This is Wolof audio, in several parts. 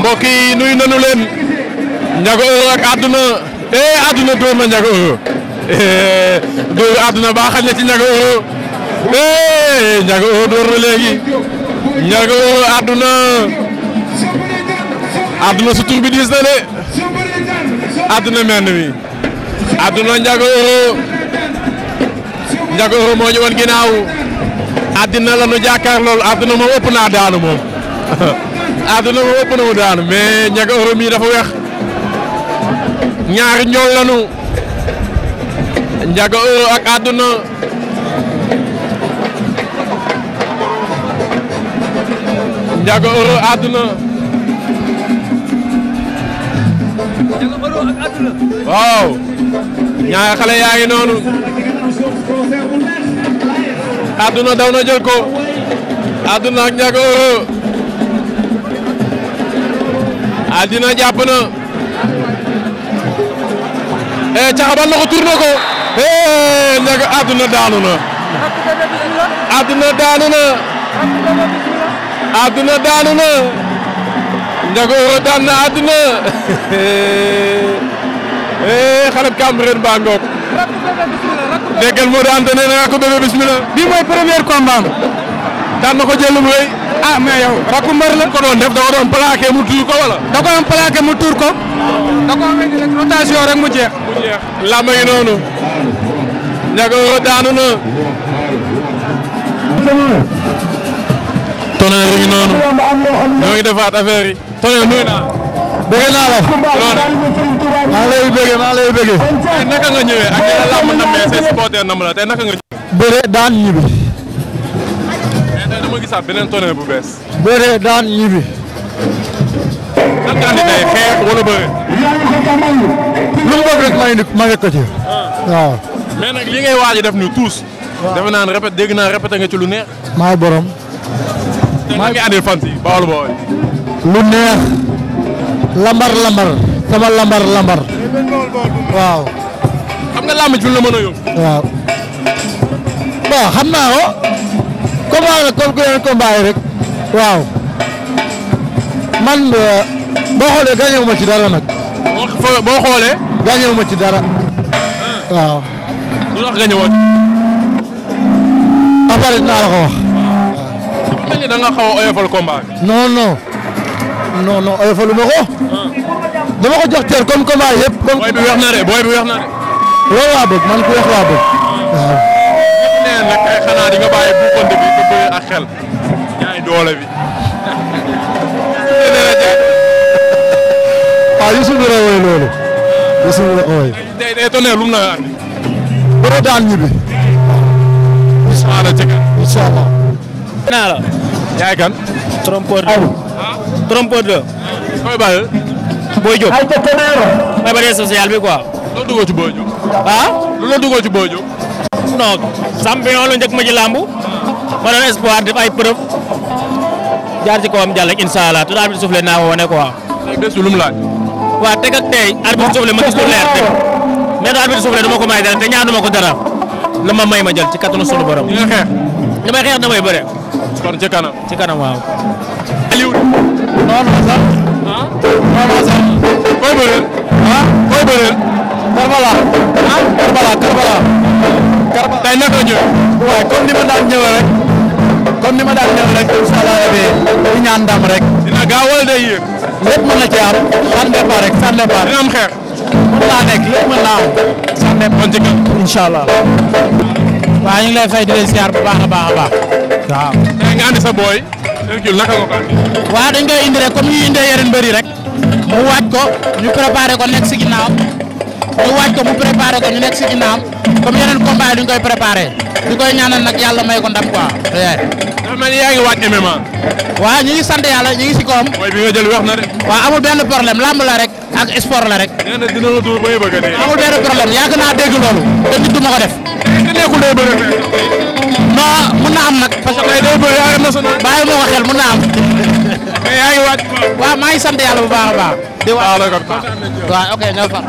mbokk yi nuyu leen Ndiago Euro ak àdduna eh àdduna dóor na Ndiago Euro eh, dóor àdduna ba xañ na ci Ndiago Euro eh Ndiago Euro dóor léegi Ndiago Euro àdduna àdduna su tur bi diis na de àdduna menn mi àdduna Ndiago Euro Ndiago Euro moo wan ginnaaw àddina la nu jàkkaar lool àdduna moom ëpp naa daanu moom. àdduna bi ëpp na mu daanu mais ñaga Europe yi dafa weex ñaari ñool lanu ñaga euro ak àdduna waaw ñaari xale yaa ngi noonu àdduna daw na jël ko àdduna ak Aldina jàpp na eh caxabal na ko na ko eh nag àdduna daanu na. daanu na. àdduna daanu na. Ndiago Euro daan na àdduna eh xale bu Cambérène baa ngoog. déggal moo daan na nga ko bébé bismillah. bii mooy premier combat daan na ko jël lu ah mais yow rakku mbër la. ko doon def da ko doon plaqué mu tuur ko wala. da ko doon plaqué mu tuur ko. da ko wéy rek rotation rek mu jeex. mu jeex làmb yi noonu. Ndiago daanu na. Tonnerre yi noonu. ñoo ngi defaat affaire yi. Tonnerre nuyu naa. bëgg naa la. loolu maa lay bëgg maa lay bëgg. tey naka nga ñëwee ak yeneen làmb na mais say supporter nam la tey naka nga ñëwee. bëre daan ñibbi. nga gisaat beneen bu bees. bëree daan ñibbi. lan daan di day xeex wala bëre. lu mu ah. li ngay waaj a def ni tous. waaw naa ne répété dégg naa répété nga ci lu neex. maay borom. maa ngi andil fan a yóbbu. combat la comme que yeneen combat yi rek waaw man euh, boo xoolee gaañoo ma ci dara nag. boo boo xoolee. gaañoo ma ci dara. Ah. waaw. lu tax gaañoo. après dinaa la ko wax. waaw. ni da xaw a oyofal combat bi. non non. non non oyofalu ma ah. dama ko jox teer comme combat yëpp. comme booy bi weex na de booy bi weex na de. loolu laa bëgg man ku weex laa bëgg ah. waaw. leneen nag kay xanaa di nga bàyyi bi nga bëri ak xel doole bi. waaw Youssou Ndour a woy loolu. Youssou Ndour a woy. day day tonné lu mu la andi. bëri daal ñibbi. incha allah ci la. yaay kan. trompeur de. trompeur de. koy duggoo ci Boy Diop. ah. champion la njëkk ma ci làmb ma doon espoir def ay preuve jaar ci kawam jàll ak incha allah tout arbitre naa ko wane quoi. léegi desul lu mu laaj. waaw teg ak tey arbitre soufflé ma gis lu leer ko may dara te ñaanuma ko dara la may ma jël ci kattanu sunu borom. li nga xeex. damay xeex damay bëre. kon ci kanam waaw. Aliou. non non sax. ah non non sax. koy bëreel. ah koy bëreel. Karba tey naka la ñëwee. waaw comme ni ma daan ñëwee rek comme ni ma daan ñëwee rek incha allah ñaan ndam rek. dina gaaw wala day yéeg. lépp mën na ci am rek sans départ. dina xeex. mën nekk lépp mën naa am. sans départ kon ci ñu ngi lay di leen ziar bu baax a baax a baax. waaw. tey nga andi sa booy. Hercule nga indi rek comme ñu indee yeneen mbër yi rek. mu waaj ko ñu préparé ko nekk si ginnaaw. ñu waaj ko mu préparé ko ñu nekk si ginnaam comme yeneen combat yi duñ koy préparé di koy ñaanal nag yàlla may ko ndam quoi. dafa mel ni yaa ngi waaj MMA. waaw ñu ngi sant yàlla ñu ngi si koom. mooy bi nga jël wax na de. waaw amul benn problème lamb la rek ak sport la rek. nee na a amul benn problème yàgg naa dégg loolu. te nit du ko def. te mun na am nag. parce que day bëri na solo. bàyyi ma ko xel mun na am. mais yaa ngi waaj. waaw sant bu baax a baax. di waaj waaw ok ñoo far.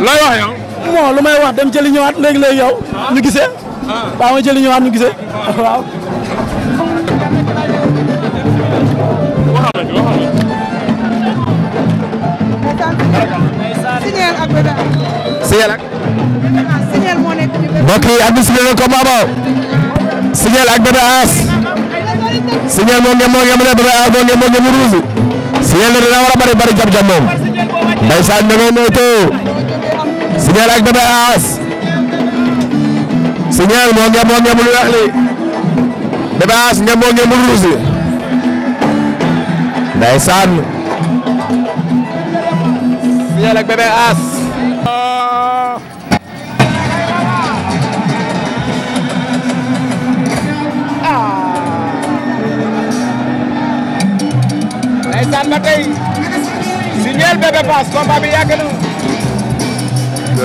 looy wax yow. bon lu may wax dem jëli ñu gisee. Ah. waaw ma jëli ñëwaat ñu gisee waaw. signal ak Bébé Ama. signal moo nekk ci Bébé Ama. mbokk yi administré na combat ba. signal ak Bébé As. signal moo ngeen moo ngeen moo ngeen moo ngeen ruusu. signal dina war a bari bari jam jam moom. ndeysaan da ngay Signal ak Bébé Aas Signal moo ngi moo ngi lu weex li Bébé Aas nga moo ngi mu ruus li ndeysaan Signal ak Bébé Aas ndeysaan ba tey Signal Bébé Aas combat bi yàgg na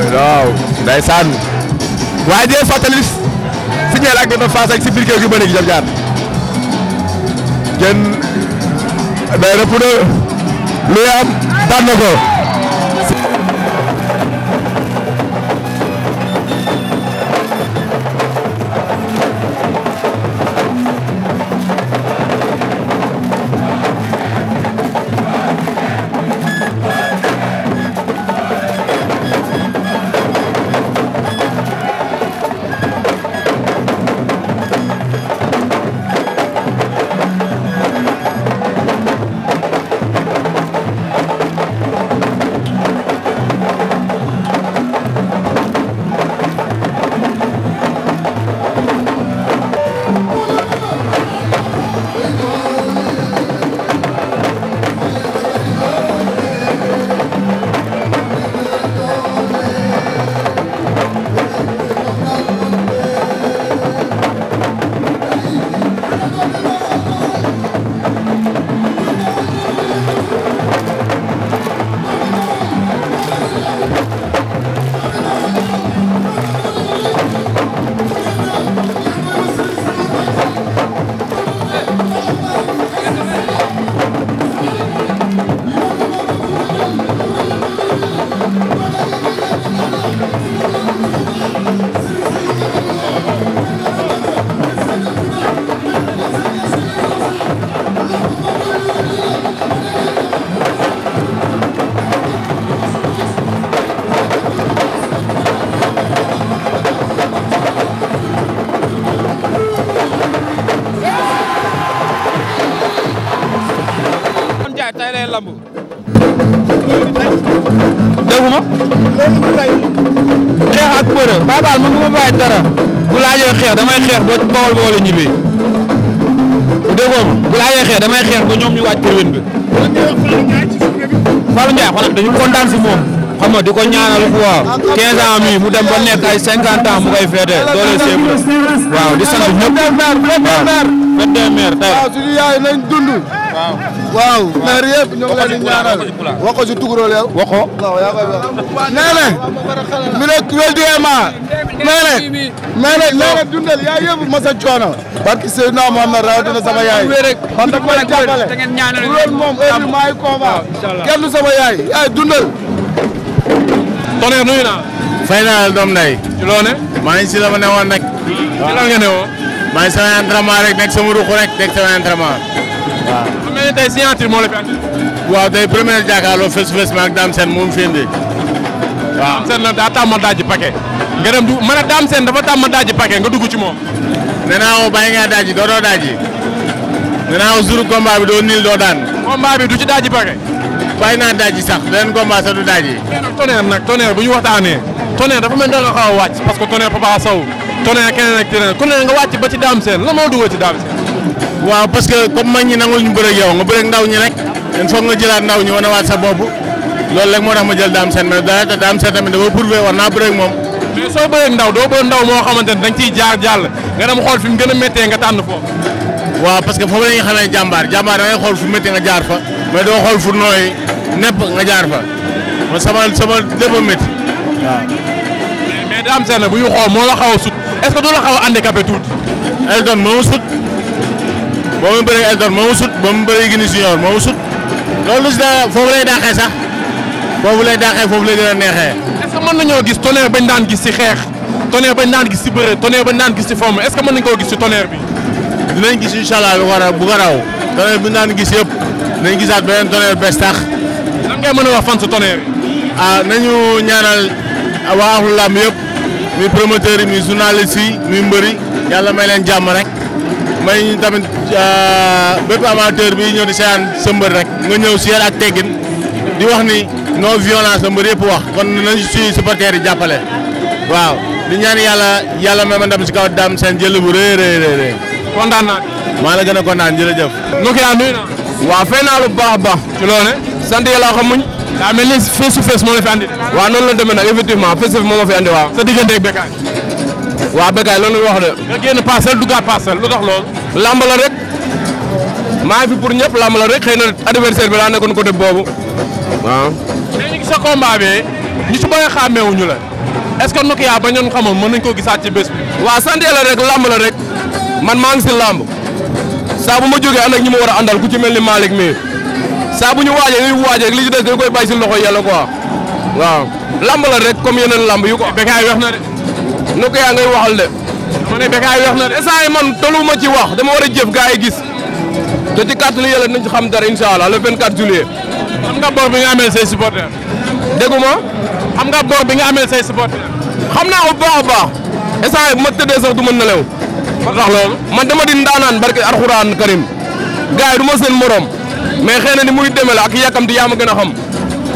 waaw ndeysaan waaye dee fàttali si ñeel ak dafa faas ak si biir kër gi ba léegi jam ñaar jën day rëpp na lu am daan na laaj dara bu laajee xeex damay xeex ba bool boole ñibbi bu déggoo ma bu laajee xeex damay xeex ba ñoom ñu waaj teewin bi. Fallou Ndiaye xanaa dañu kontaan si moom xam nga di ko ñaanal quoi 15 ans mi mu dem ba nekk ay 50 ans mu koy féete doole séeb waaw di sant ñëpp waaw. 22 maire tey waaw ah, suñu yaay nañ dund. waaw maire yëpp ñu ngi leen di ñaanal wax ko si tukurool yow. wax ko waaw yaa koy wax nee na mi ne mais nag mais dundal yaa yëpp masa coono. barki Seydina Mohamed rawatina sama yaay. man da koy jàppale moom heure bi maa ngi combat yaay yaay dundal. Tonnerre nuyu doom ndey. ci si la ne woon rek. waaw ci lan nga maa rek nekk sama ruq rek nekk sama entraînement. waaw. xam nga ne tey signature moo la fi waaw tey première jàkkaarloo waaw seen na daa tàmm daaj paquet nga dem du mën a daam seen dafa tàmm daaj nga dugg ci moom nee naa woo bàyyi ngaa daaj doo doo daaj nee naa woo jour combat doo niil doo daan combat bi du ci daaj paquet bàyyi naa daaj sax beneen combat sax du daaj tonnerre nak tonnerre bu ñu waxtaanee tonnerre dafa mel da nga xaw a wàcc parce que tonnerre Papa Sow tonnerre keneen ak keneen nga wàcc ba ci daam la moo dugal ci daam parce que comme mag ñi nangul ñu bëre yow nga bëre ndaw ñi rek dañ nga jëlaat ndaw ñi wane waat sa bopp loolu rek moo tax ma jël daam seen mais dara te daam seen tamit dama prouvé war naa bëre ak moom. mais soo bëree ndaw doo bëri ndaw moo xamante ne dañ ciy jaar jàll nga dem xool fi mu gën a méttee nga tànn foofu. waaw parce que foofu la ñuy xamee jàmbaar jàmbaar da ngay xool fu méttee nga jaar fa mais doo xool fu nooy nepp nga jaar fa man sama sama lépp a métti waaw. mais daam seen bu ñu xool moo la xaw a sut est ce que doo la xaw a handicapé tuuti. Elton moo ma sut boo ma bëree Elton moo ma sut boo ma bëree Guinée Junior moo ma sut loolu si la foofu lay daaxee sax. foofu lay daaxee foofu lay gën a neexee. est ce nañoo gis tonnerre bañ daan gis si xeex tonnerre bañ daan gis si bëre tonnerre bañ daan gis si fomm est ce que mën nañu koo gis si tonnerre bi. dinañ gis incha allah lu ko raw bu ko raw bi ñu gis yëpp dinañ gisaat beneen tonnerre bees tax. lan ngay mën a wax fan sa tonnerre yi. ah nañu ñaanal waa axlu làmb yëpp muy promoteur yi muy journaliste yi muy mbëri yàlla may leen jàmm rek. may tamit ah, bépp amateur bi ñëw di seetaan sa mbër rek nga ñëw si yar ak teggin di wax ni. non violence la mbër wax kon nañ suñu supporters jàppale waaw di ñaan yàlla yàlla ma ndam si kaw daam seen jël bu rëy rëy rëy. kontaan naa. maa la gën a kontaan jërëjëf. Nokia nuyu naa. waaw fay naa lu baax a baax. ci loone sant yàlla xam muñ. daa mel ni face to face moo la fi andi. waaw noonu la demee nag effectivement face to face fi andi waaw. sa diggante ak Bécaye. waaw loolu la wax de. nga génn parcelle duggaat parcelle lu tax lool lamb la rek. maa ngi fi pour ñëpp lamb la rek xëy na adversaire bi daa nekkoon côté boobu waaw. sa combat bi ñu ci bëri xàmmeewuñu la est-ce que Nokia ba ñoon xamoon mën nañ koo gisaat ci bés waa waaw sant la rek lamb la rek man maa ngi si lamb saa bu ma jóge ànd ak ñi ma war a àndal ku ci mel ni Malick mii saa bu ñu waajee li ñu waajee li ci des dañ koy bàyyi si loxo yàlla quoi waaw lamb la rek comme yeneen lamb yu ko. Bécaye wax na de. Nokia ngay waxal de. dama ne Bécaye wax na de. instant yi man tolluwuma ci wax dama war a jëf gars yi gis te ci kàttanu yàlla nañ xam dara incha allah le 24 juillet. xam nga bor bi nga amee say supporters. dégguma xam nga bor bi nga amee say support xam naa ko bu baax a baax instant bu ma tëddee sax du mën na lew ba tax loolu man dama din ndaanaan barke alxuraan karim gars yi du ma seen morom mais xëy na ni muy demee la ak yàkkamti yaa ma gën a xam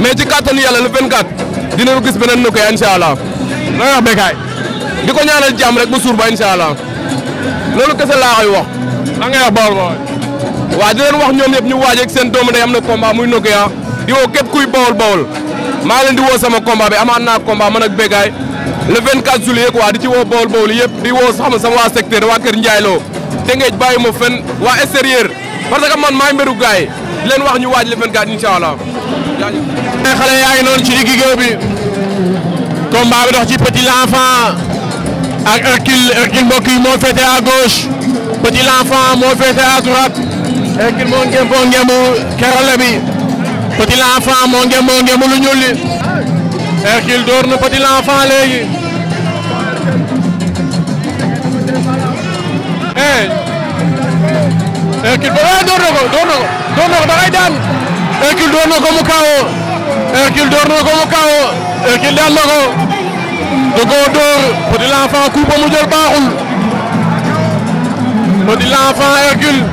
mais ci kàttanu yàlla le 24 dinañu gis beneen nu koy incha allah looy wax di ko ñaanal jàmm rek bu suur ba incha allah loolu kese laa koy wax. la ngay wax Bawol Bawol. waaw di leen wax ñoom yëpp ñu waaj ak seen doomu day am na combat muy Nokia maa leen di woo sama combat bi amaat naa combat man ak Bégaay le 24 juillet quoi di ci woo bool bool yëpp di woo sama sama waa secteur waa Kër Ndiaye Lo te ngeej bàyyi ma fenn waa extérieur parce que man maay mberu gaay leen wax ñu waaj le 24 incha allah. jaajëf xale ci digg géew bi combat bi dox ci petit l'enfant ak Hercule Hercule mbokk yi moo féete à gauche petit moo bi. Petit l'enfant moo ngi moo ngi mu lu ñuul li Hercule door na Petit l'enfant léegi. Hercule ba waaye door na ko door na ko door na ko ba ngay daan Hercule door na ko mu kaawoo Hercule door na ko mu kaawoo Hercule daan na ko da koo door Petit l'enfant coup ba mu jël baaxul Petit l'enfant Hercule.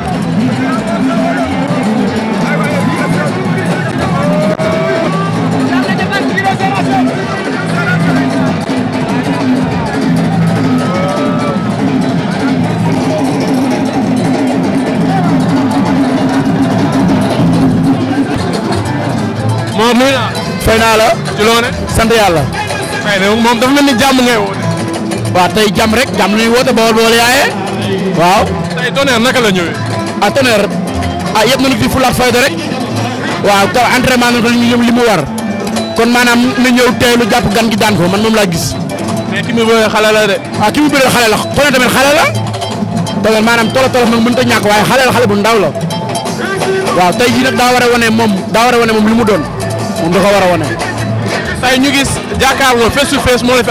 maa nuyu naa. fay naa sant yàlla. moom dafa mel ni jàmm ngay woote. waaw jàmm rek jàmm la ñuy woote bool bool yaaye. waaw. tey tonnerre naka la ñëwee. ah tonnerre ah yëpp nañu fi fulaat fayda rek. waaw taw entraînement nañu ko li mu war. kon maanaam na ñëw teelu jàpp gan gi daan man laa gis. mais mu bëree xale la ah, ki mu bëree la tonnerre tamit xale la. tonnerre maanaam tolo tolof ñàkk waaye xale la xale bu ndaw la. waaw tey jii nag daa war a wane moom daa war a wane moom li mu doon. moom da ko war a wane. tey ñu gis jàkkaarloo face to face moo la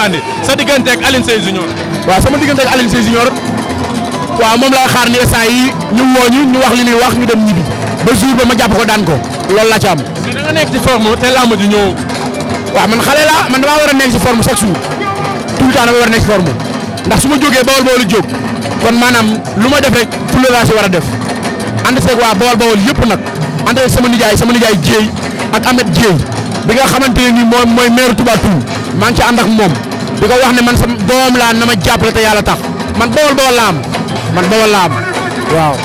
sa diggante ak Alioune Seye Junior. waaw sama diggante ak Alioune Seye Junior waaw moom laa xaar ni saa yi ñu woo ñu ñu wax li ñuy wax ñu dem ñibbi ba jour ba ma jàpp ko daan ko lool laa ci am. mais da nga nekk ci forme te làmb ji ñëw. waaw man xale la man damaa war a nekk si forme chaque jour tout le temps dama war a nekk ci forme ndax su ma jógee bawol bawol jóg kon maanaam lu ma def rek fulla si war a def ànd seeg waa bawol bawol yëpp nag ànd sama nijaay sama nijaay jéey. ak Ahmed Dieye bi nga xamante ne nii moom mooy maire Touba Toul maa ngi ci ànd ak moom di ko wax ne man sama doom laa na ma jàppale te yàlla tax man bawal bawal laa am man bawal laa am waaw.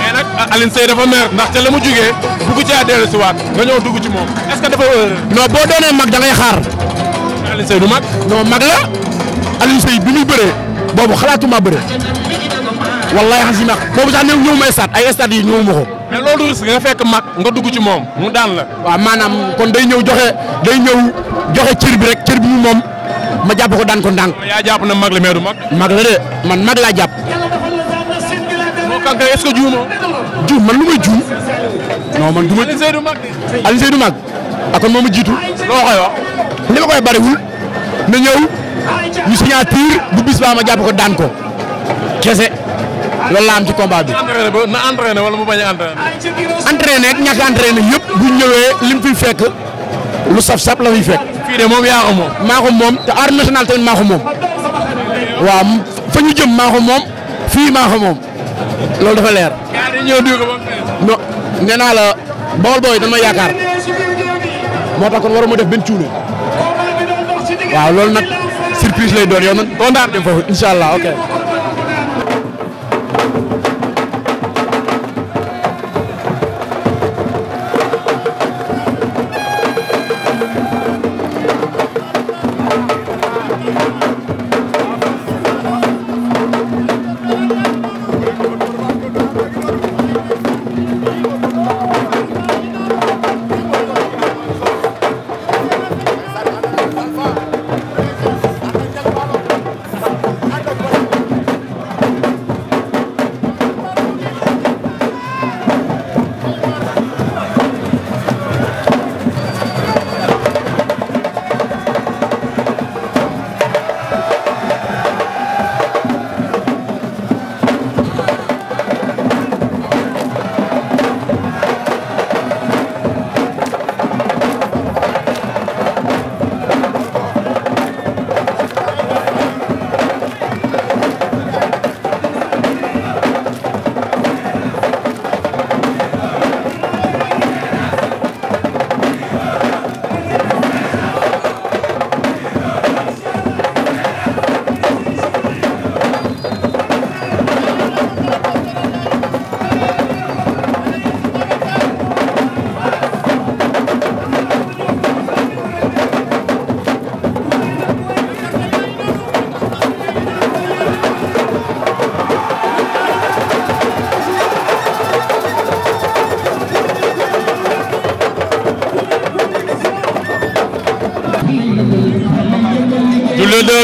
mais nag ah, Alioune Seye dafa mer ndax ca la mu jugee bugg caa dellu si waat nga ñëw dugg ci moom est que dafa euh, non boo doonee mag da ngay xaar. Alioune Seye du mag. non mag la Alioune bi muy bëree boobu xalaatuma bëree. wallaay xasima boobu sax ñëw ma stade ay stade yi ñëwuma ko. mais loolu risque nga fekk mag nga dugg ci moom mu daan la. waa maanaam kon day ñëw joxe day ñëw joxe cër bi rek cër bi mu moom ma jàpp ko daan ko ndànk. yaa jàpp na mag la mais du mag. mag la de man mag laa jàpp. moo kankan est man lu may juum. non man du ma. Alioune Seydou Mag de. Alioune ah, moom a jiitu. loo koy wax. li ma koy bariwul. na ñëw ñu signature bu bis ma jàpp ko daan ko kese. loolu la am ci combat bi. na entraîné wala mu bañ a entraîné. entraîné ak ñàkk a entraîné yëpp bu ñëwee lim fi fekk lu saf saf la fiy fekk. moom yaa ko moom. maa ko moom te arène nationale tamit maa ko moom waaw fa ñu jëm maa ko moom fii maa moom loolu dafa leer. yaa ngi naa la Bawol booy dama yaakaar moo tax kon waruma def benn cuune waaw loolu nag surprise lay doon yow nag kontaan dem foofu incha allah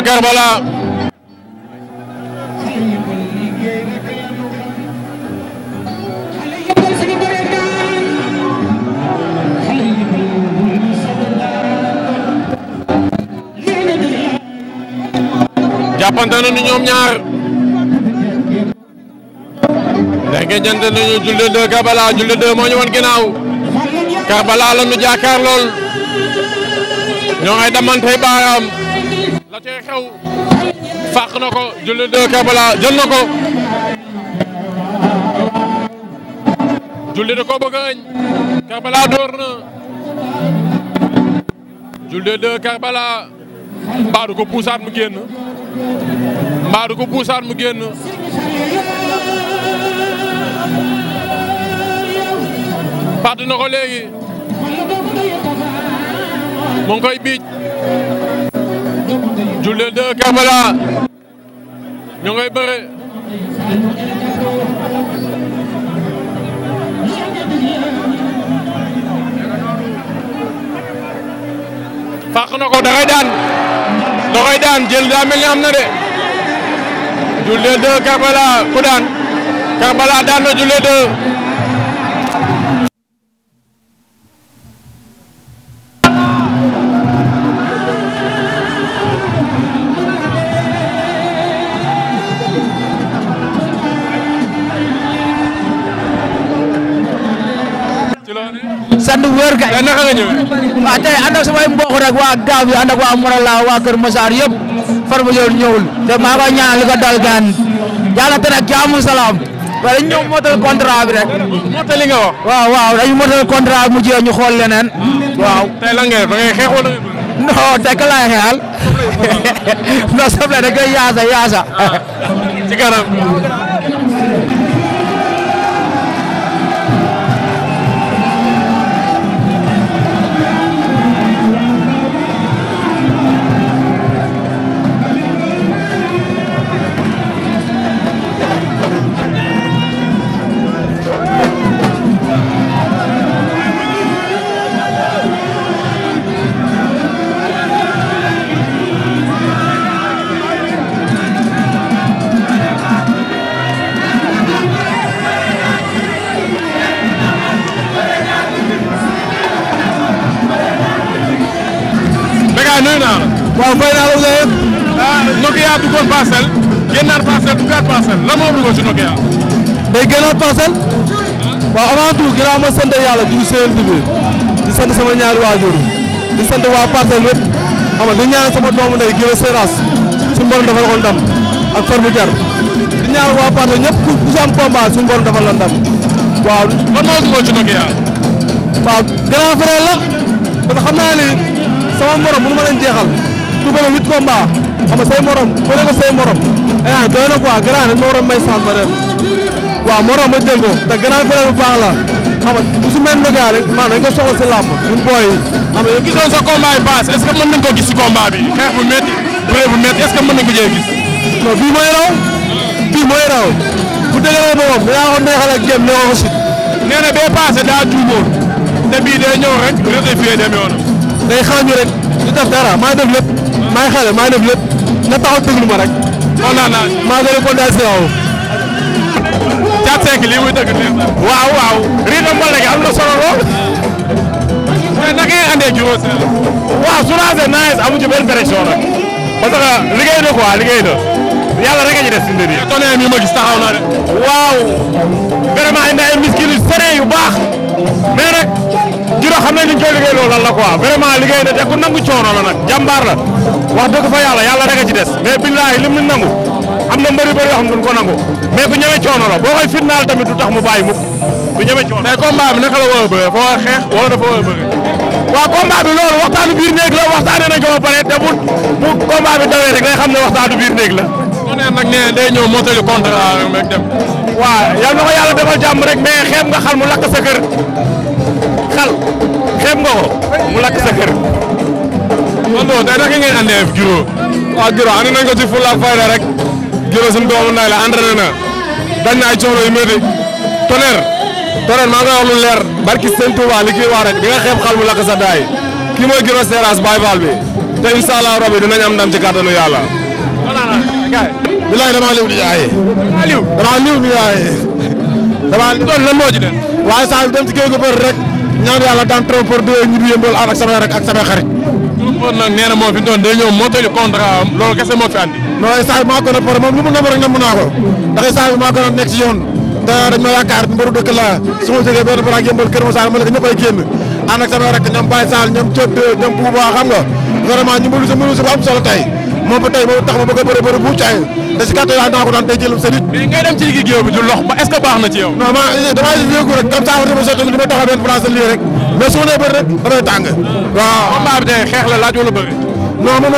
Karbala jàppante ñoom ñaar léegi jënd nañu Diouldé 2 Karbala Diouldé 2 moo ñu wan ginnaaw Karbala la ñu jàkkaar lool ñoo ngay damantey baaraam cee xew fàq na ko Diouldé 2 Karbala jël na ko Diouldé da koo bëgg a añ door na Diouldé 2 Karbala mbaa du ko puusaat mu génn mbaa du ko puusaat mu génn fàtt na ko léegi mu ngi koy Diouldé 2 Kerbala ñu ngay bëre fàq ko da daan da daan jël daa mel na de Diouldé 2 Kerbala ku daan Kerbala daan na Diouldé 2 sant wér kay. naka a ñëwee. waaw tey ànd ak samay mbokk rek waa Gaaw bi ànd ak waa Morala waa Kër Masar yëpp Farba Dione ñëwul. te maa ko ñaanal li ko dal gaan yàlla te nag jaamu salaam. waaw dañu ñëw motal contrat bi rek. motal waaw waaw dañu motal contrat mu jéem ñu xool leneen. waaw tey lan ngay def da ngay xeex wala. non tey ka laay xeexal. non soble da ngay yaasa yaasa. Ah, ci kanam. Ndiaye nuyu naa la. waaw fay ah, duggoon parcelle. génnaat parcelle duggaat parcelle lan duggoon ci Nokia. day génnaat parcelle. Ah. waaw avant tout ginnaaw ma sant yàlla di seen dugub di sant sama ñaari waajur di sant waa parcelle yëpp xam nga di ñaan sama doomu ndey Guèye Seras suñu borom defal ko ndam ak far bu jar di ñaan waa parcelle ñëpp ku si am combat suñu borom defal la ndam waaw. lan moo duggoon ci Nokia. waaw grand frère la parce que sama morom mënu ma leen jeexal su bëre huit combat xam nga say morom bëre nga say morom eh doy na quoi grand dañ ma war a may sant ren morom ma jël ko te grand bëre bu baax la xam nga bu su mel ne gars rek maanaam dañ ko soxla si làmb ñun booy yi. xam nga gisoon sa combat yi paas est ce que ko gis si bi xeex bu métti bëre bu métti est ce que mën mooy raw bii mooy raw bu dëgëree boppam dinaa ko neexal ak jëm ne ko ko si. nee na bee paase daa juumoon te day xaañu rek du def dara maa def lépp maay xale maa def lépp nga taxaw déglu ma rek xool naa naa maa ngi leen condensé waaw. waaw waaw riz de mbal gi am na solo lool. mais naka ngeen andee juróom si la. waaw su amuñu benn pression nag parce que yàlla rek a ñu def si mbir yi. tonnerre yi taxaw na de. waaw vraiment indi ay miskin yu sëree yu baax mais nag juróom xam nañ ni ñu koy liggéey loolu lan la quoi vraiment liggéey na te ku nangu coono la nag jàmbaar la wax dëgg fa yàlla yàlla rek a ci des mais billahi lim ñu nangu am na mbëri bëri yoo xam ko nangu mais ku ñeme coono la boo koy fitnaal tamit du tax mu bàyyi mukk ku ñeme coono. la war a bëree foo war a xeex wala dafa war a bëri. la waxtaanee ne waxtaanu biir la Tonnerre nag nee day ñëw mottali contrat rek dem. waaw yal na ko yàlla defal jàmm rek mais xeeb nga xal mu lakk sa kër xal xeeb nga mu lakk sa kër. kon non tey naka ngeen andee Giro. waaw Giro andi nañ ko ci fulla fayda rek Giro suñu doomu ndaay la entraîné na dañ na ay coono yu métti Tonnerre Tonnerre maa ngi koy wax lu leer barki sëñ Touba rek di xeeb xal mu lakk sa daay kii Giro Seras Baye Fall bi te incha allah rabi dinañ am ndam ci kàttanu kaay. bilaay damaa liw di jaayee. damaa liw damaa liw di jaayee. damaa liw doon lan moo ci dem. waaye saa yu dem ci géej gu bëri rek ñaan yàlla daan trop pour deux ñu yëmbal ànd ak samay rek ak samay xarit. kon nag nee na moo fi doon day ñëw moo tëj contrat am loolu kese moo fi andi. mbaru dëkk laa su ma jógee baraag yëmbal kër ma nekk ñëpp ay génn ànd ak samay rek ñoom Baye Sall ñoom Thiot ñoom Bouba xam nga vraiment ñu mënu si mënu am solo tey moom ba tey moom tax ma bëgg a bëri bëri bu caay te si kàttan yàlla naa ko daan tey jëlum sa nit bi du lox ba est ce que na ci yow non ma damaa yëngu rek comme ça dama sotti li ma taxaw benn place lii rek mais su ma nee bëri rek damay tàng waaw combat bi tey xeex la laaj wala bëri non moom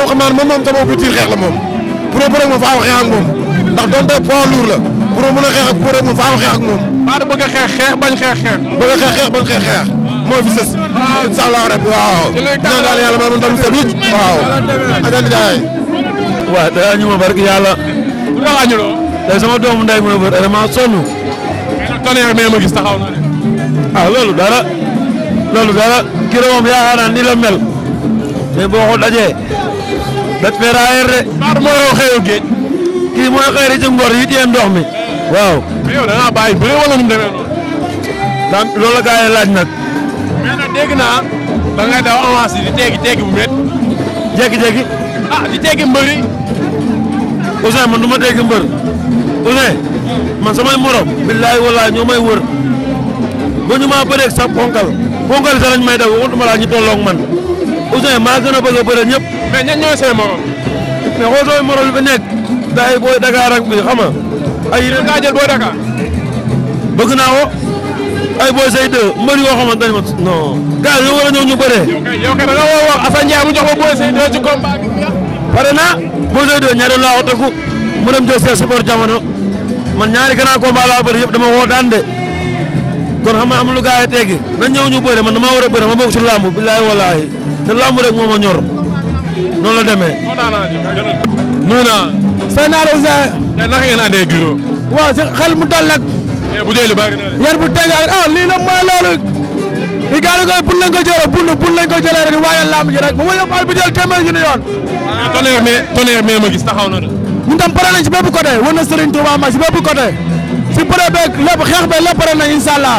xeex la moom pour bëri moom faaw xeex ak moom ndax donte poids lourd la pour mën a xeex ak pour moom xeex a bañ xeex xeex bëgg a xeex xeex bañ xeex xeex ah. waaw ñaan waaw day añu ma barki yàlla. bu tax añu loo. tey sama doomu ndey ma bëri vraiment sonn. mais nag tonnerre mais ma gis ah, loolu dara. loolu dara kii la moom yaakaar boo ko dajee. daj fee daa yër de. Paar mooy kii mooy xëy na ci ngor yi téye ndox mi. waaw. mais yow da wala nu mu demee noonu. daan loolu la gars yi laaj nag. mais nag dégg naa. da ngay daw avance di teggi teggi bu métti. ah di teggi mbër yi. Ousseyn man ma teggi mbër Ousseyn man samay morom. billaay walaay ñoo may wër ba ñu maa ponkal ponkal sax lañ may daw waxutuma laa ñu man Ousseyn maa gën a a bëre ñëpp. mais ñan ñooy say morom. mais xooloo morom yi ba booy Dakar ak bi xam nga ay yeneen daa jël booy ay booy say mbër yi ñoo war a ñëw ñu bëree. yow kay yow kay da nga woo wax Assane Ndiaye ko booy say ci combat pare naa boo sooy doo ñaari laa oteeku mu dem jël seen support jamono man ñaari grand combat laa bëri yëpp dama woo daan de kon xam nga am lu gars yi teggi nañ ñëw ñu bëre man damaa war a bëre ma bokk ci làmb billaahi wallaahi moo ma ñor la demee. nuyu naa. sëñ Naar Ousseh. tey naka ngeen andee Giro. waaw si xel eh, bu dee lu bari na yar bu teg ah lii nag mooy loolu. li gars yi koy bun lañ ko jëlee bun bun waaye làmb ji rek bu ma yóbbaale bu ah tonnerre ma gis taxaw na de. ñun tam pare si bépp côté wane na Serigne Touba ma si bépp côté si bëre beeg lépp xeex beeg lépp pare nañ incha allah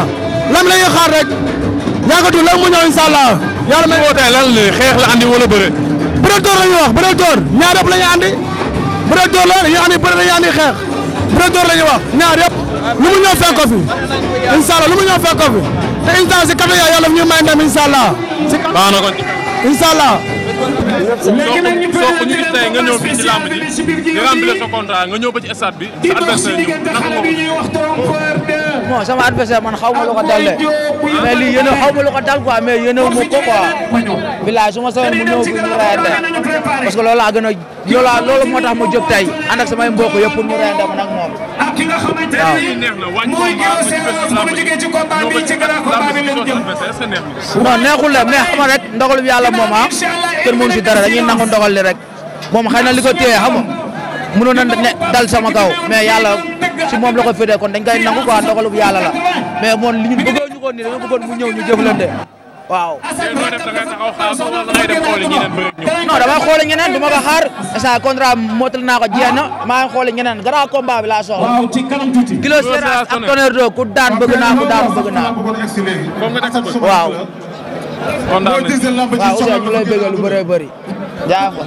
lan la ñuy xaar rek yàggatu lan mu ñëw incha allah. yàlla may wootee lan xeex la andi wala bëre. bëre door la ñuy wax bëre door ñaar yëpp la ñuy andi bëre door la dañuy andi bëre dañuy la ñuy wax ñaar yëpp lu mu ñëw fekk ko fi incha allah lu mu ñëw fekk ko fi te incha allah si kàddu yàlla yàlla ñu may ndam incha allah. si kàddu baax na léegi nag ñu présenté nga ñëw fii ci làmb ji nga remplir sa contrat nga ñëw ba bi. sa adversaire ñëw naka nga ko bon sama adversaire man xaw ma lu dal de mais lii yéen a xaw ma lu dal quoi mais yéen a mu ko quoi. bilaay su mu ñëw bu ñu reyante parce que loolu laa gën a loolu moo tax ma jóg tey ànd ak samay mbokk yëpp pour moom. ki nga xamante ni mooy Guiro Séras bu ñu jógee ci rek ndogalu yàlla moom ah kenn mënu si dara dañuy nangu ndogal li rek moom xëy na li ko téye xam nga mënoon na ne dal sama kaw mais yàlla si moom la ko féetee kon dañ koy nangu quoi ndogalu yàlla la mais moom li ñu bëggoon ko nii dañoo bëggoon mu ñëw ñu jëflante. waaw. non damay xool ñeneen du ma ko xaar. sa naa ko jeex na maa ngi xool ñeneen grand combat bi laa soxla. Kilo Seras ak Do ku daan bëgg naa ku waaw. waaw Ousseynou ñu lay lu bëree bëri. jaafër.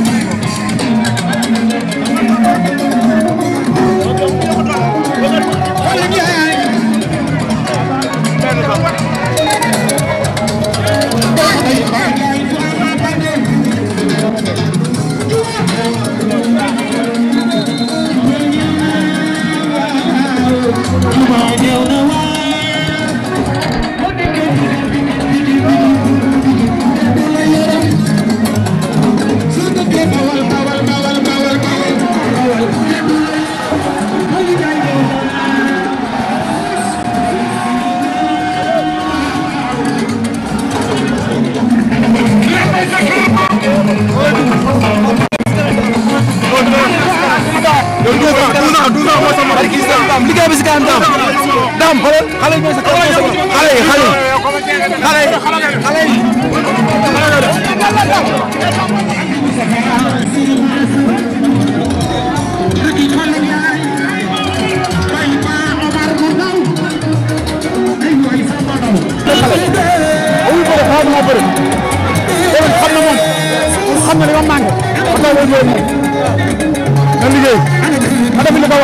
You might know the one. yow 12 ans 12 ans 12 ans mooy sama barki Islam liggéey bi si kanam daam daam xoolal xale yi mooy sa kanam xale yi xale yi xale yi xale yi xale yi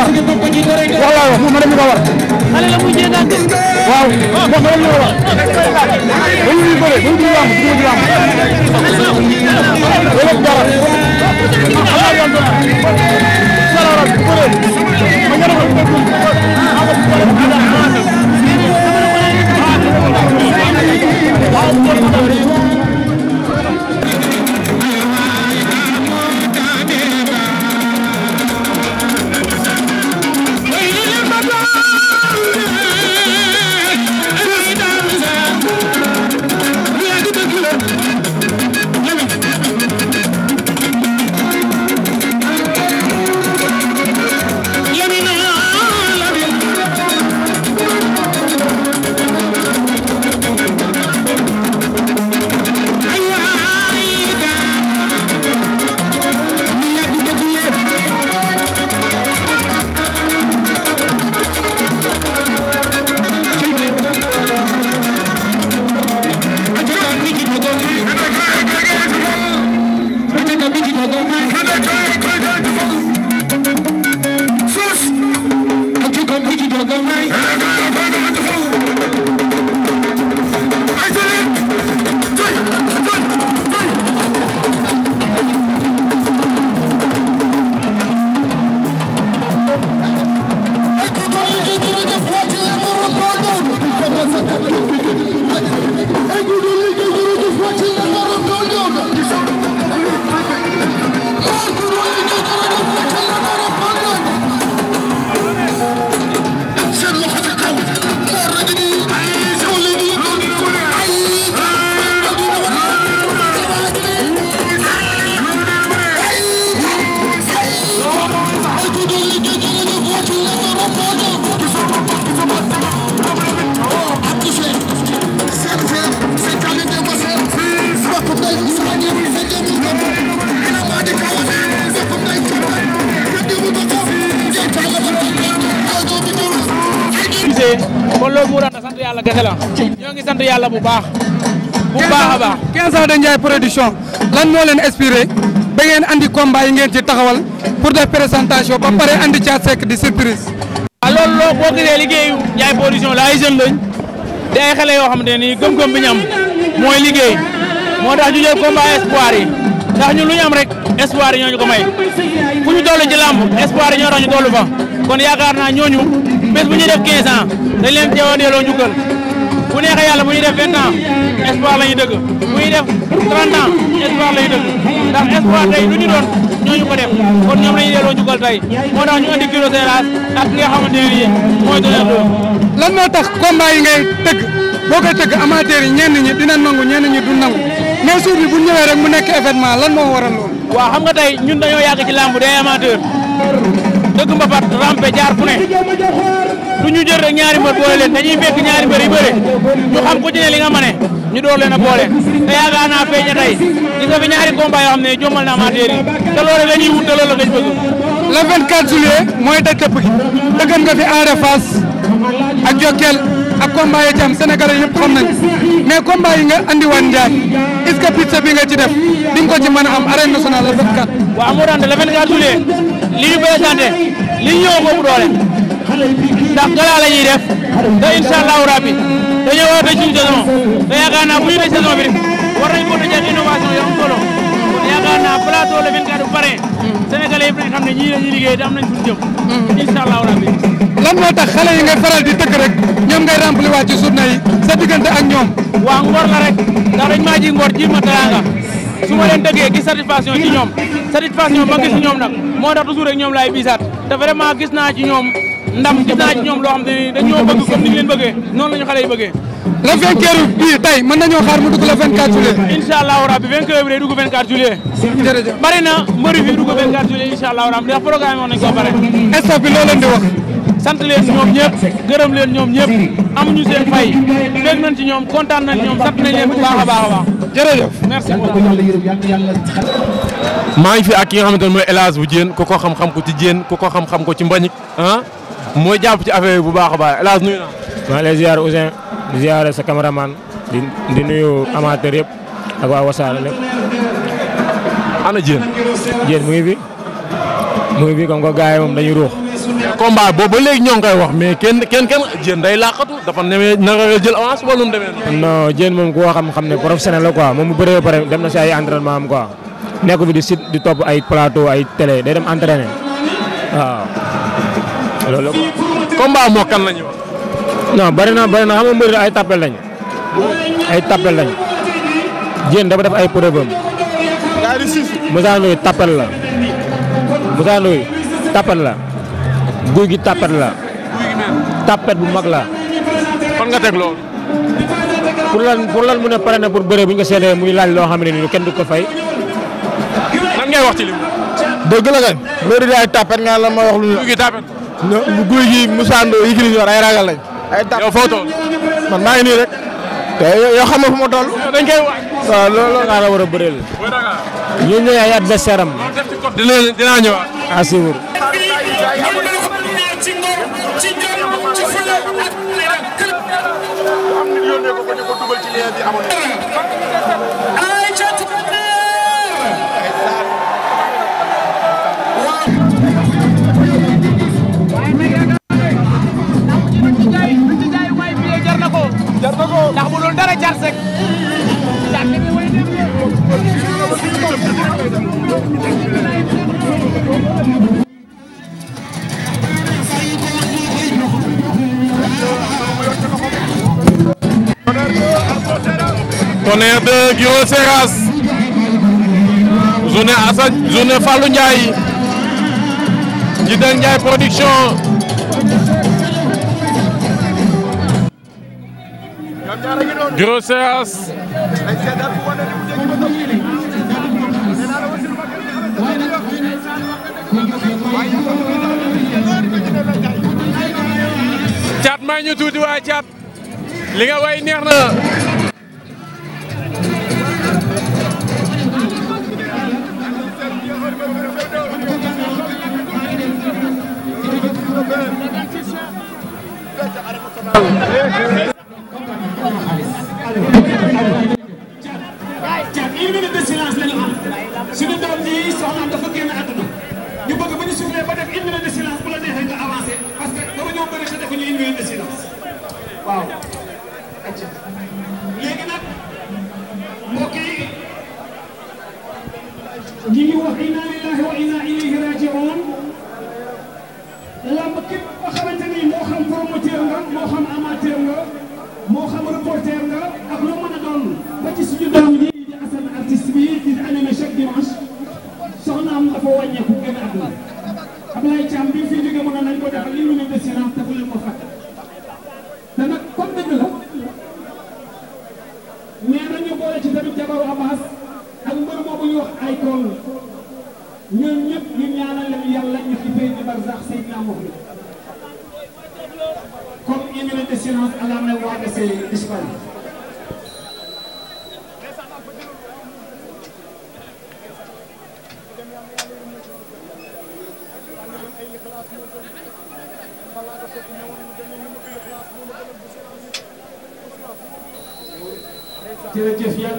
waaw moom ma dem ñu ko war. xale la muy jéegaante. waaw moom ma dem ñu ko war. ba ñu ñu bëre ba ñu am ñu ñu am. loolu ak dara. am naa yoon dara. dara bu bëree. ma nga doon bëgg. waaw. baax. bu baax a baax 15 ans de Ndiaye production lan moo leen inspiré ba ngeen andi combat yi ngeen ci taxawal pour def présentation ba pare andi Thiat Seck di surprise. a ah, loolu loo boo gisee liggéeyu Ndiaye production la ay jeunes lañ te ay xale yoo xamante ni gëm-gëm bi ñu am mooy liggéey moo tax ñu jël combat espoir yi ndax ñun lu ñu rek espoir yi ñoo ko may fu ñu toll ci làmb espoir yi ñoo tax ñu toll fa kon yaakaar naa ñooñu bés bu ñuy def 15 ans bu neexee yàlla bu ñuy def vingt ans espoir la ñuy dëgg bu ñuy def trente ans espoir la ñuy dëgg ndax espoir tey lu ñu doon ñooñu ko def kon ñoom la ñuy delloo jugal moo tax ñu andi kilo séerase ak nga xamante ne nii mooy dooleel loolu. lan moo tax combat yi ngay tëgg boo koy tëgg amateur yi ñenn ñi dina nangu ñenn ñi du nangu mais bu ñëwee rek mu nekk événement lan moo waral loolu. xam nga tey ñun dañoo yàgg ci làmb day amateur. dëgg mbapat rampe jaar fu ne du ñu jël ñaari mbër boole leen dañuy fekk ñaari mbër bëre ñu xam ku ci ne li nga mane ñu door leen a boole te yaakaar naa feeñ tey gis nga fi ñaari combat yoo xam ne jombal na amateur yi te loolu rek wut te la ñu bëgg. le 24 juillet mooy daj tëpp gi dëggan nga fi Ada Fass ak ak combat yi ci am sénégalais yëpp xam nañ mais combat yi nga andiwaat Ndiaye est-ce que pizza bi nga ci def di ko ci a am arène nationale la 24. waaw amoo daan de la 24 juillet li ñu présenté li ñu ñëw boobu doole ndax gala la ñuy def te incha allahu rabi dañoo war a tëj suñu saison te yaakaar naa bu ñu tëj saison bi rek war nañu mën a jël innovation yu am solo le 24 bu pare ñii la lan moo tax xale yi ngay faral di tëgg rek ñoom ngay rempli waat ci journée yi sa diggante ak ñoom. waa ngor la rek ndax dañ maa ji ngor ji ma teraanga su ma leen tëggee gis satisfaction ci ñoom satisfaction ma gis ñoom nag moo tax toujours rek ñoom laay biisaat te vraiment gis naa ci ñoom ndam gis naa ci ñoom loo xam te ni dañoo bëgg comme ni ñu leen bëggee noonu la ñu xale yi bëggee. le 24 bii tey mën nañoo xaar mu dugg le 24 juillet. incha allahu bari na mbëri bi dugg 24 juillet incha sant leen ñoom ñëpp gërëm leen ñoom ñëpp amuñu seen fay dégg nañ ci ñoom kontaan ñoom sant nañ bu baax a baax a baax jërëjëf maa ngi fi ak ki nga xamante ne bu Dieng ko xam-xam ko ci Dieng ku ko xam-xam ko ci Mbagnick ah jàpp ci affaire bu baax a baax El Hadj nuyu naa. maa ngi lay ziar Ousin sa cameraman di di nuyu amateur yëpp ak waa Wassare ana Dieng. Dieng mu ngi fi mu ngi fi comme moom dañuy ruux. combat boobu ba léegi ñoo ngi koy wax mais kenn kenn kenn Diène day laqatu dafa neme naka nga jël avance wala nu mu demee. non Diène moom ku xam xam ne professionnel la ko moom bu bëree ba pare dem na si ay entraînement am quoi nekk fi di sit di topp ay plateau ay télé day dem entraîné waaw. loolu la quoi. moo kan la ñu wax. non bëri na bëri na ay tappel lañu ay tappel dafa def ay preuve am. Moussa Ndoye tappel la Moussa Ndoye tappel la. guy gi tapet la. tapet bu mag la. kon nga teg loolu. pour lan pour lan mu ne pare na pour bëree bu ñu ko seetee muy laaj loo xam ne nii kenn du ko fay. lan ngay wax ci lim. dëgg la kañ. loolu daay tapet nga la ma wax lu. guy gi tapet. guy gi Moussa Ndo yi ñu ay ragal lañ. ay tapet yow foo nii rek. yoo xam nga fu ma toll. dañ koy wax. waaw loolu laa la war a bëreel. ñun ñooy ay adversaire am. dina dina ci ngor ci jom ci fula ak leneen am nit yónnee ko ko ñu ko dugal ci lien bi amoon ay ca jar na ko ndax bu doon dara jar sek Tonnerre 2 Guiro Seras journée Assad journée Fallou Ndiaye Djidane Ndiaye production Guiro Seras may ñu tuuti waa Thiat li nga way neex na jërëjëf yal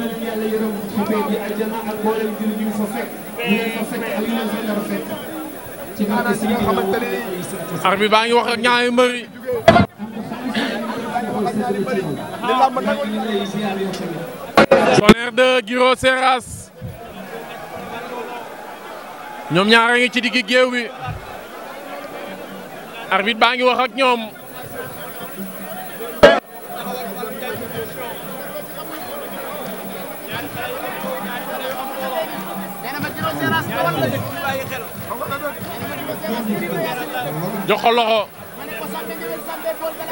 baa ngi wax ak ñaari mbër yi Tonnerre de Guiro Seras ñoom ñaar ngi ci diggi géew bi arbitre baa ngi wax ak ñoom jox ko loxo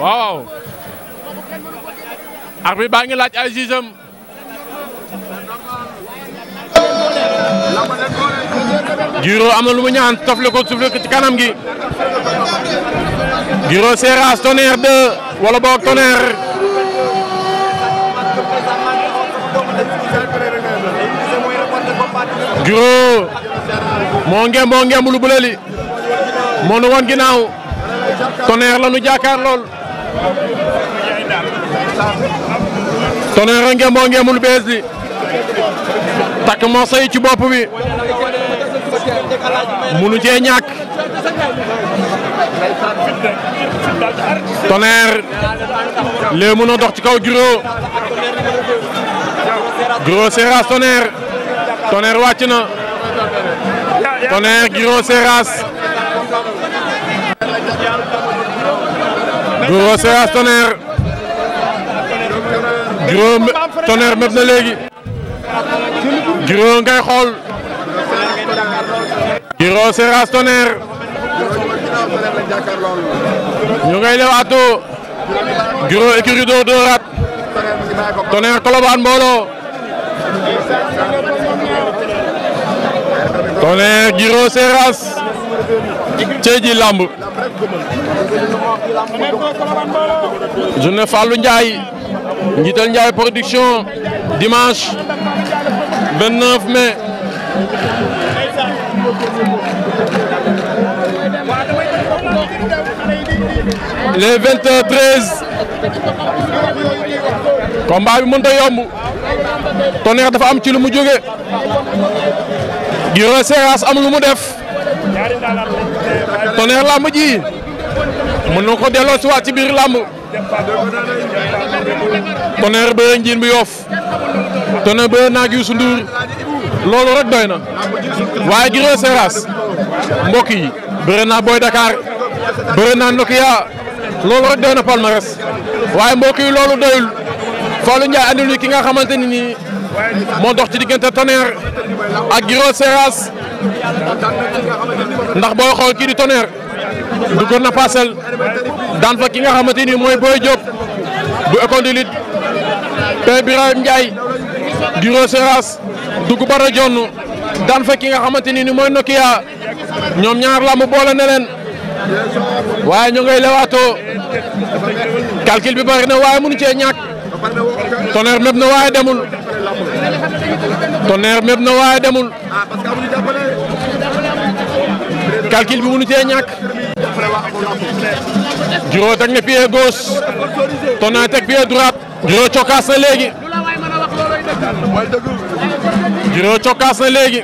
waaw arbitre baa ngi laaj ay jugeem Guiro am na lu mu ñaan tofle ko ci kanam gi Guiro Seras Tonnerre 2 wala boog Tonnerre Guiro moo ngeem moo ngeem lu bële moo nu woon ginnaaw Tonnerre la nu jàkkaar lool Tonnerre ngeem moo ngeem lu bees li takk moo say ci bopp bi munu cee ñàkk Tonnerre lee mën a dox ci kaw Gros Gros Seras Tonnerre Tonnerre wàcc na Tonnerre Giro Seras Giro Seras Tonnerre Giro Tonnerre mépp na léegi Giro ngay xool Giro Seras Tonnerre ñu ngay lewaatoo Giro écurie dóor dóoraat Tonnerre Colobane mbooloo Tonnerre Guiro Seras ceeji lamb journée Fallou Ndiaye njiital Ndiaye production dimanche 29 mai les 20 heures 13 combat dafa am ci lu mu jóge Guiro Seras am mu def Tonnerre làmb ji mën na ko delloo ci biir làmb Tonnerre bëre njiin bu yoof Tonnerre bëre naag Youssou Ndour loolu rek doy waaye Guiro Seras mbokk yi bëre naa Boy Dakar bëre naa Nokia loolu rek doy na waaye mbokk yi loolu doyul Fallou Ndiaye andil ñu ki nga xamante nii moo dox ci diggante Tonnerre ak Giro Seras ndax booy xool kii di Tonnerre duggoon na parcelle daan fa ki nga xamante ni mooy booy Diop du école de lutte Père Birahim Ndiaye dugg ba rajoon daan fa ki nga xamante ni mooy Nokia ñoom ñaar làmb boole ne waaye ñu ngay lewaatoo calcul bi bari na waaye mënu cee ñàkk Tonnerre méb na waaye demul. Tonnerre mépp na waaye demul ah, calcul bi mënu cee ñàkk Guiro teg na pied gauche Tonnerre teg pied droite Guiro cokkaas na léegi Guiro cokkaas na léegi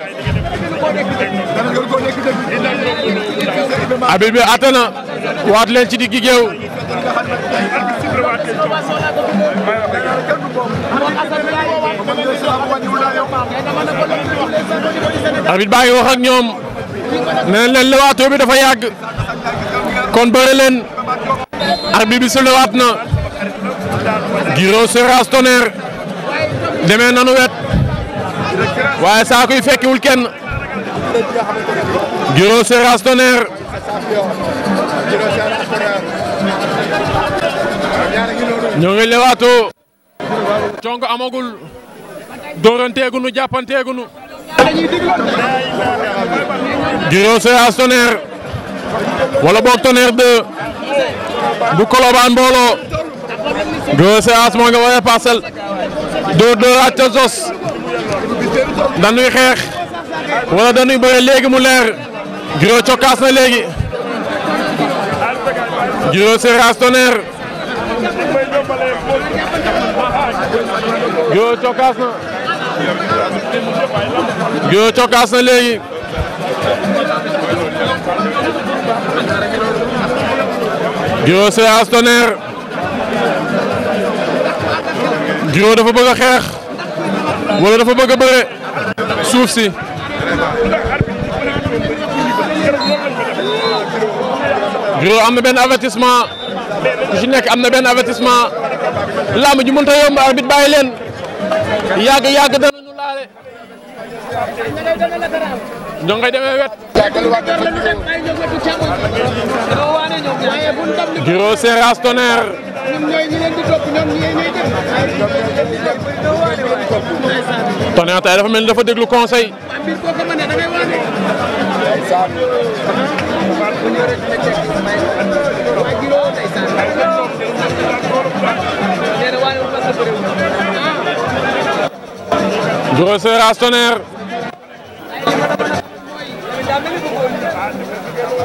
abit bi atana waat leen ci diggi géew arbitre baa ngi wax ak ñoom nee leen lewaatoo bi dafa yàgg kon bëre leen arbitre bi su lewaat na Guiro Seras Tonnerre demee nanu wet waaye saako yi fekkiwul kenn Guiro Seras Tonnerre ñoo ngi lewaatoo congo amagul dooranteegunu jàppanteegunu Guiro Seras Tonnerre wala boog Tonnerre de bu Colobane mbooloo Guiro Seras moo nga woowee parcelle dóor dóoraat ca Zos dañuy xeex wala dañuy bëre léegi mu leer Guiro cokkaas na léegi Guiro Seras Tonnerre Guiro Guiro cokaas na léegi Guiro Séance Tonnerre Guiro dafa bëgg a xeex wala dafa bëgg a bëre suuf si Guiro am na benn avertissement ku ci nekk am na benn avertissement lamb ji mënut a yomb arbitre leen yàgg yàgg danañu laale. ñoo ngay demee wet. Guiro Seras Tonnerre. Tonnerre tey dafa mel ni dafa déglu conseil. Grosseur As Tonnerre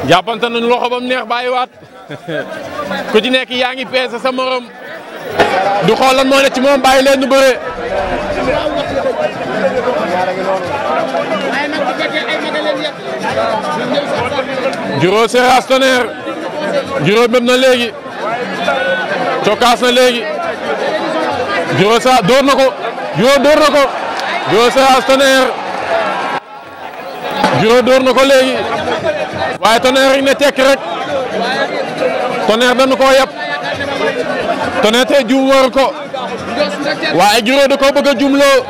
jàppante nañu loxo bam neex bàyyiwaat ku ci nekk yaa ngi peese sa morom du xool lan moo ne ci moom bàyyi leen nu bëre. Grosseur As Tonnerre juróom même na léegi cokkaas na léegi Grosseur door na ko juróom door na ko. Giro Seras Tonnerre Giro door na ko léegi waaye Tonnerre rek ne tekk rek Tonnerre dañu koo yab Tonnerre tey juum war ko waaye Giro da koo bëgg a jumloo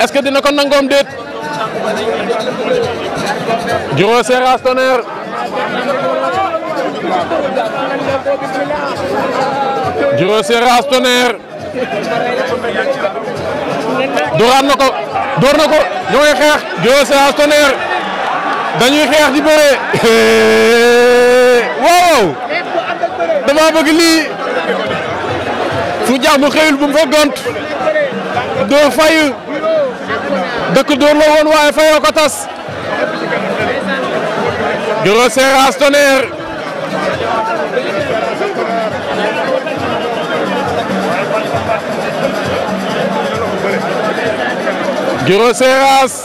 est que dina ko nangoom déet Giro Seras Tonnerre doxaat na ko door na ko ñu ngi xeex deux séances tonnerre dañuy xeex di bëree waaw dama bëgg lii su jàmm xëyul bu mu fa gont doo door la woon waaye fayoo ko tas Guiro Seras Guiro Seras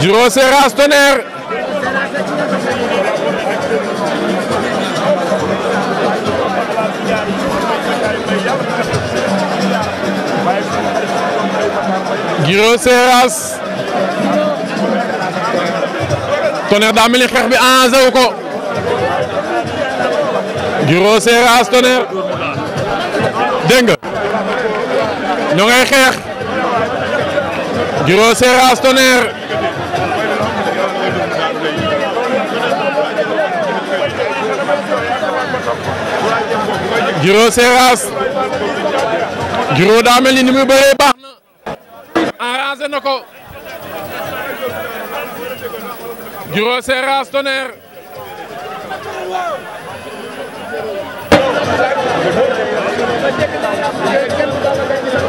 Guiro Seras Tonnerre Guiro Seras Tonnerre xeex bi enjeu wu ko Guiro Seras Tonnerre dégg xeex Guiro Seras Tonnerre Guiro Seras Guiro daa mel ni ni muy bëree na arrangé na ko Guiro Seras Tonnerre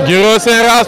Guiro Seras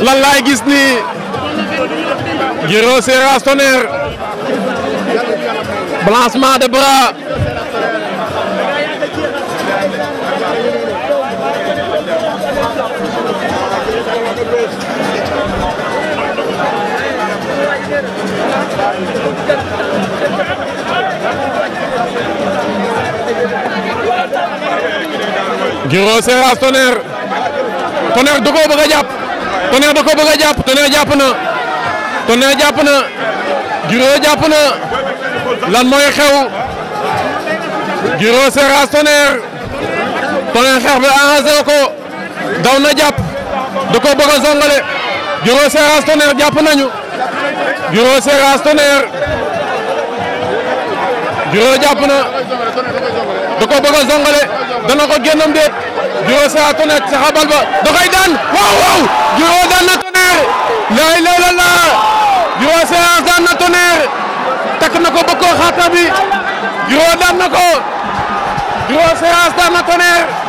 lan laay gis nii Guiro Seras Tonnerre balancement de bras Guiro Seras Tonnerre Tonnerre da koo bëgg a jàpp Tonnerre da ko bëgg jàpp Tonnerre jàpp na Tonnerre jàpp na Guiro jàpp na lan mooy xew Guiro Seras Tonnerre Tonnerre xeex bi arrangé ko daw na jàpp da ko bëgg a zongale Guiro jàpp nañu Guiro Seras Tonnerre Guiro jàpp na da ko bëgg a zongale dana ko génnam déet Guiro Seras koy daan waaw waaw Giro daan na Tonnerre lay lay la la Giro séance daan na Tonnerre takk na ko bokkoo xaata bi Giro daan na ko Giro séance daan na Tonnerre